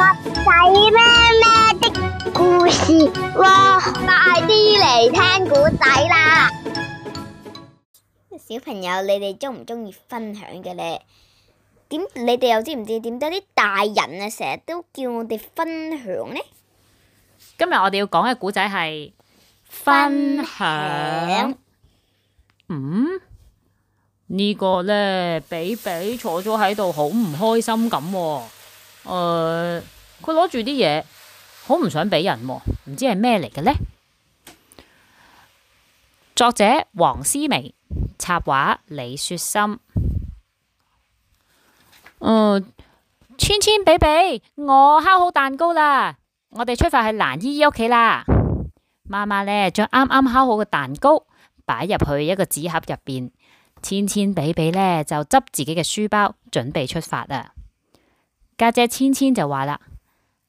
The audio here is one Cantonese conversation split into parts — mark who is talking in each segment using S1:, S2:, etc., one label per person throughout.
S1: 仔、啊、咩咩的故事喎，快啲嚟聽古仔啦！小朋友，你哋中唔中意分享嘅呢？點，你哋又知唔知點解啲大人啊成日都叫我哋分享呢？今日我哋要講嘅古仔係分享。嗯，這個、呢個咧，比比坐咗喺度，好唔開心咁喎。誒，佢攞住啲嘢，好唔想俾人喎，唔知係咩嚟嘅呢？作者黃斯薇，插畫李雪心。嗯、呃，芊芊比比，我烤好蛋糕啦，我哋出發去蘭姨姨屋企啦。媽媽呢，將啱啱烤好嘅蛋糕擺入去一個紙盒入邊，芊芊比比呢，就執自己嘅書包，準備出發啊！家姐，姐芊芊就話啦：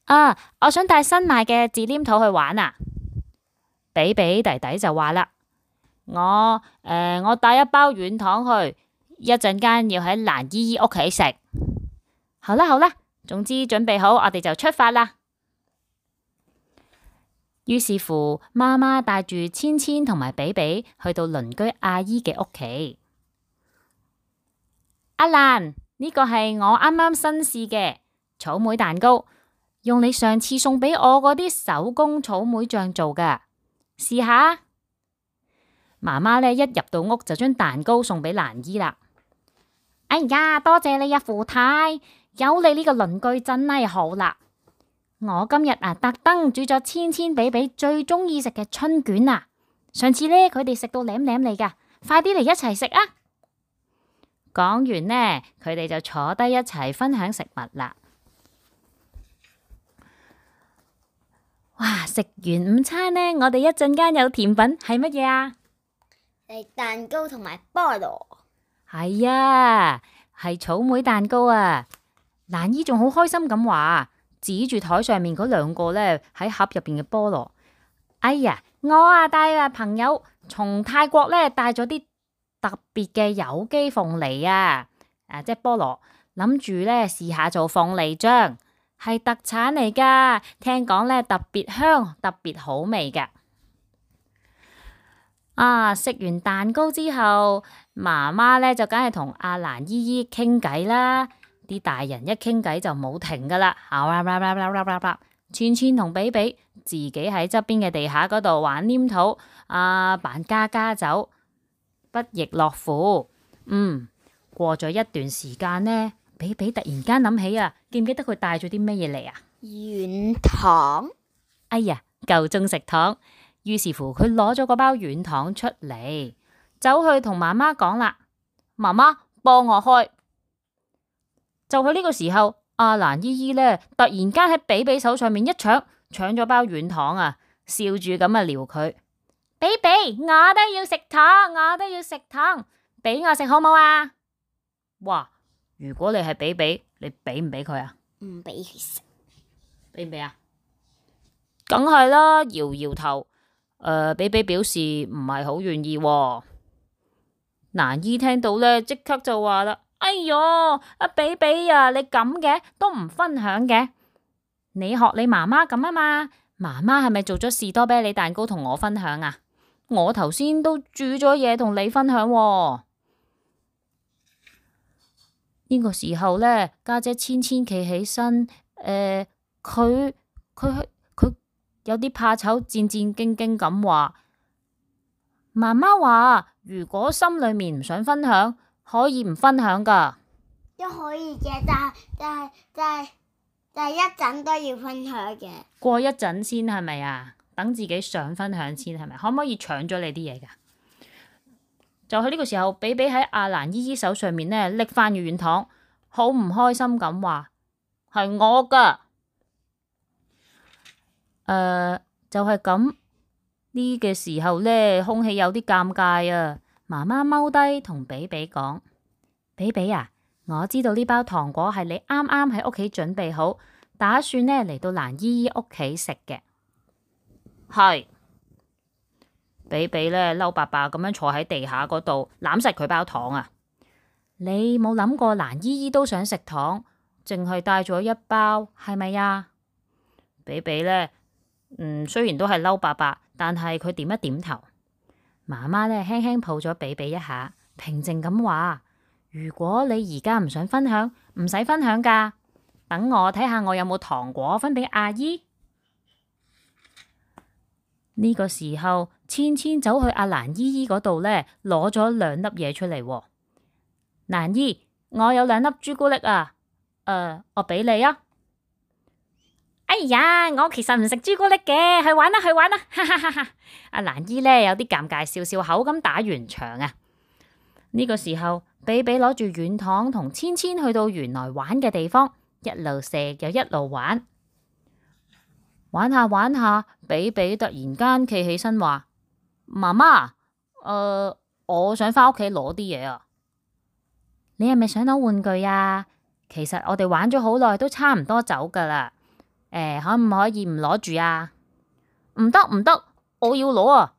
S1: 啊，我想帶新買嘅紙黏土去玩啊！比比弟弟就話啦：我誒、呃，我帶一包軟糖去，一陣間要喺蘭姨姨屋企食。好啦好啦，總之準備好，我哋就出發啦。於是乎，媽媽帶住芊芊同埋比比去到鄰居阿姨嘅屋企。阿蘭，呢、這個係我啱啱新試嘅。草莓蛋糕用你上次送俾我嗰啲手工草莓醬做嘅，試下啊！媽媽咧一入到屋就將蛋糕送俾蘭姨啦。哎呀，多謝你啊，富太，有你呢個鄰居真係好啦。我今日啊特登煮咗芊芊比比最中意食嘅春卷啊。上次呢，佢哋食到舐舐你噶，快啲嚟一齊食啊！講完呢，佢哋就坐低一齊分享食物啦。哇！食完午餐呢，我哋一陣間有甜品，係乜嘢啊係蛋糕同埋菠蘿。係啊，係草莓蛋糕啊！蘭姨仲好開心咁話，指住台上面嗰兩個呢，喺盒入邊嘅菠蘿。哎呀，我啊帶啊朋友從泰國呢帶咗啲特別嘅有機鳳梨啊，誒、啊，即係菠蘿，諗住呢試下做鳳梨漿。係特產嚟噶，聽講咧特別香，特別好味嘅。啊，食完蛋糕之後，媽媽咧就梗係同阿蘭姨姨傾偈啦。啲大人一傾偈就冇停噶啦。芊、啊、芊芊同比比自己喺側邊嘅地下嗰度玩黏土，啊扮家家酒，不亦樂乎。嗯，過咗一段時間呢。比比突然間諗起啊，記唔記得佢帶咗啲咩嘢嚟啊？軟糖。哎呀，夠鐘食糖，於是乎佢攞咗個包軟糖出嚟，走去同媽媽講啦。媽媽，幫我開。就喺呢個時候，阿蘭姨姨呢突然間喺比比手上面一搶，搶咗包軟糖啊！笑住咁啊撩佢，比比，我都要食糖，我都要食糖，俾我食好冇啊！哇！如果你係比比，你俾唔俾佢啊？唔俾佢食。俾唔俾啊？梗係啦，搖搖頭。誒、呃，比比表示唔係好願意、哦。嗱，姨聽到咧，即刻就話啦：哎喲，阿比比啊，你咁嘅都唔分享嘅？你學你媽媽咁啊嘛？媽媽係咪做咗士多啤梨蛋糕同我分享啊？我頭先都煮咗嘢，同你分享、哦。呢個時候咧，家姐,姐芊芊企起身，誒、呃，佢佢佢有啲怕醜，戰戰兢兢咁話。媽媽話：如果心裏面唔想分享，可以唔分享噶。都可以，嘅，但但係但係但係一陣都要分享嘅。過一陣先係咪啊？等自己想分享先係咪？可唔可以搶咗你啲嘢噶？就喺呢個時候，比比喺阿蘭姨姨手上面呢，拎翻軟糖，好唔開心咁話：係我噶，誒、呃、就係、是、咁。呢、這、嘅、個、時候呢，空氣有啲尷尬啊！媽媽踎低同比比講：比比啊，我知道呢包糖果係你啱啱喺屋企準備好，打算呢嚟到蘭姨姨屋企食嘅，係。比比咧嬲伯伯咁樣坐喺地下嗰度攬實佢包糖啊！你冇諗過蘭姨姨都想食糖，淨係帶咗一包係咪啊？比比咧，嗯，雖然都係嬲伯伯，但係佢點一點頭。媽媽咧輕輕抱咗比比一下，平靜咁話：如果你而家唔想分享，唔使分享噶，等我睇下我有冇糖果分俾阿姨。呢個時候，芊芊走去阿蘭姨姨嗰度呢攞咗兩粒嘢出嚟。蘭姨，我有兩粒朱古力啊，誒、呃，我俾你啊。哎呀，我其實唔食朱古力嘅，去玩啦、啊，去玩啦、啊，哈哈哈哈！阿蘭姨呢，有啲尷尬，笑笑口咁打圓場啊。呢、這個時候，比比攞住軟糖同芊芊去到原來玩嘅地方，一路食又一路玩。玩下玩下，比比突然間企起身話：媽媽，誒、呃，我想翻屋企攞啲嘢啊！你係咪想攞玩具啊？其實我哋玩咗好耐，都差唔多走噶啦。誒，可唔可以唔攞住啊？唔得唔得，我要攞啊！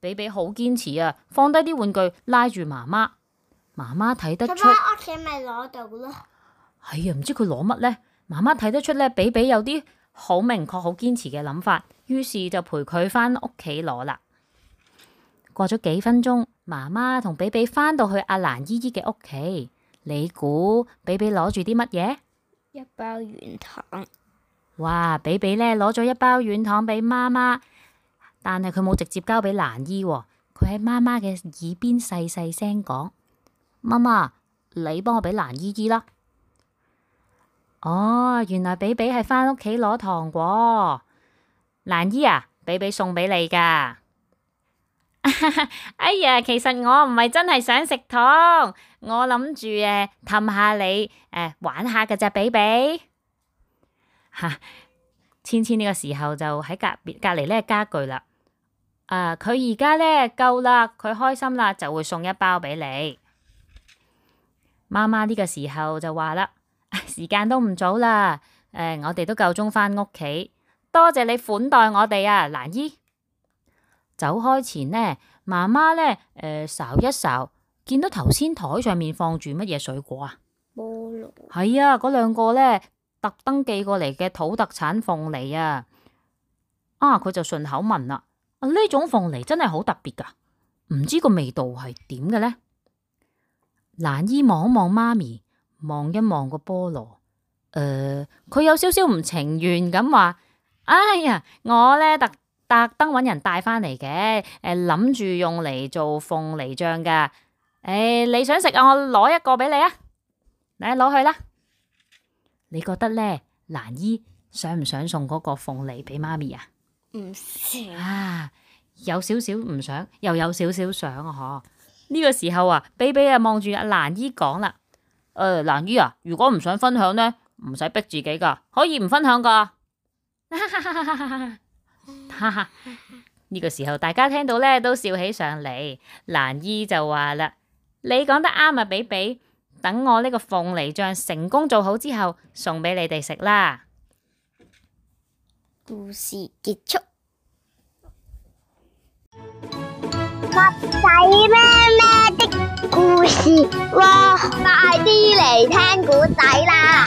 S1: 比比好堅持啊，放低啲玩具，拉住媽媽。媽媽睇得出，媽媽屋企咪攞到咯。哎呀，唔知佢攞乜咧。媽媽睇得出咧，比比有啲。好明確、好堅持嘅諗法，於是就陪佢翻屋企攞啦。過咗幾分鐘，媽媽同比比翻到去阿蘭姨姨嘅屋企。你估比比攞住啲乜嘢？一包軟糖。哇！比比咧攞咗一包軟糖俾媽媽，但係佢冇直接交俾蘭姨喎，佢喺媽媽嘅耳邊細細聲講：媽媽，你幫我俾蘭姨姨啦。哦，原來比比係翻屋企攞糖果。蘭姨啊，比比送俾你噶。 哎呀，其實我唔係真係想食糖，我諗住誒氹下你誒、啊、玩下噶咋。比比。吓，芊芊呢個時候就喺隔別隔籬呢個家具啦。啊，佢而家呢夠啦，佢開心啦，就會送一包俾你。媽媽呢個時候就話啦。時間都唔早啦，呃，我哋都夠鐘翻屋企。多謝你款待我哋啊，蘭姨。走開前呢，媽媽呢，誒、呃，掃一掃，見到頭先台上面放住乜嘢水果啊？菠蘿。係啊，嗰兩個呢，特登寄過嚟嘅土特產鳳梨啊。啊，佢就順口問啦，呢、啊、種鳳梨真係好特別噶、啊，唔知個味道係點嘅呢？蘭姨望一望媽咪。望一望個菠蘿，誒、呃，佢有少少唔情願咁話：哎呀，我咧特特登揾人帶翻嚟嘅，誒、呃，諗住用嚟做鳳梨醬㗎，誒、欸，你想食啊？我攞一個俾你啊，嚟攞去啦。你覺得咧，蘭姨想唔想送嗰個鳳梨俾媽咪啊？唔想啊，有少少唔想，又有少少想啊！嗬，呢、這個時候啊，比比啊望住阿蘭姨講啦。誒，蘭、呃、姨啊，如果唔想分享呢，唔使逼自己噶，可以唔分享噶。呢 個時候，大家聽到呢都笑起上嚟。蘭姨就話啦：你講得啱啊，比比，等我呢個鳳梨醬成功做好之後，送俾你哋食啦。故事結束。故事襪，哇快啲嚟聽古仔啦！